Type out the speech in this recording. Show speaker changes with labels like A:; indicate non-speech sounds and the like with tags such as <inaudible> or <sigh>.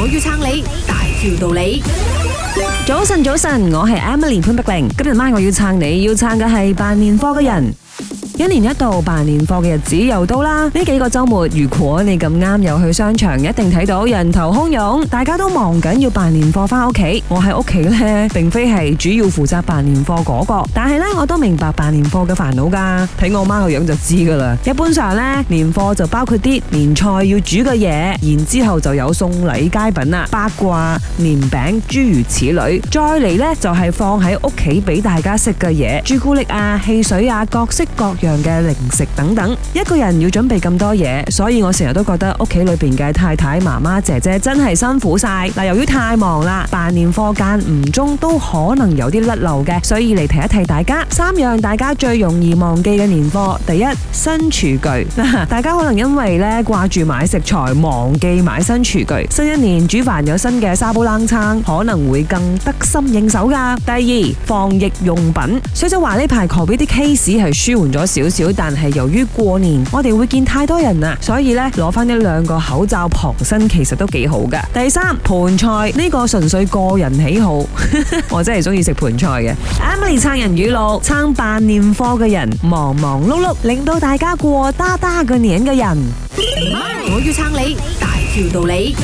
A: 我要撐你大條道理。
B: 早晨，早晨，我係 Emily 潘碧玲。今日晚我要撐你，要撐嘅係辦年貨嘅人。一年一度辦年貨嘅日子又到啦！呢幾個周末，如果你咁啱又去商場，一定睇到人頭洶湧，大家都忙緊要辦年貨翻屋企。我喺屋企咧，並非係主要負責辦年貨嗰個，但係咧我都明白辦年貨嘅煩惱噶，睇我媽個樣就知噶啦。一般上咧，年貨就包括啲年菜要煮嘅嘢，然之後就有送禮佳品啦，八卦年餅諸如此類，再嚟咧就係放喺屋企俾大家食嘅嘢，朱古力啊、汽水啊，各式各樣嘅零食等等，一個人要準備咁多嘢，所以我成日都覺得屋企裏邊嘅太太、媽媽、姐姐真係辛苦晒。嗱，由於太忙啦，辦年貨間唔中都可能有啲甩漏嘅，所以嚟提一提大家三樣大家最容易忘記嘅年貨：第一，新廚具，大家可能因為呢掛住買食材，忘記買新廚具。新一年煮飯有新嘅砂煲冷餐，可能會更得心應手㗎。第二，防疫用品。所以就話呢排，coat 啲 case 係舒緩咗少。少少，但係由於過年，我哋會見太多人啊，所以呢攞翻一兩個口罩傍身，其實都幾好噶。第三盆菜呢、呢個純粹個人喜好， <laughs> 我真係中意食盆菜嘅。Emily 撐人語錄，撐辦年貨嘅人，忙忙碌碌，令到大家過噠噠嘅年嘅人，
A: 我要撐你，大條道理。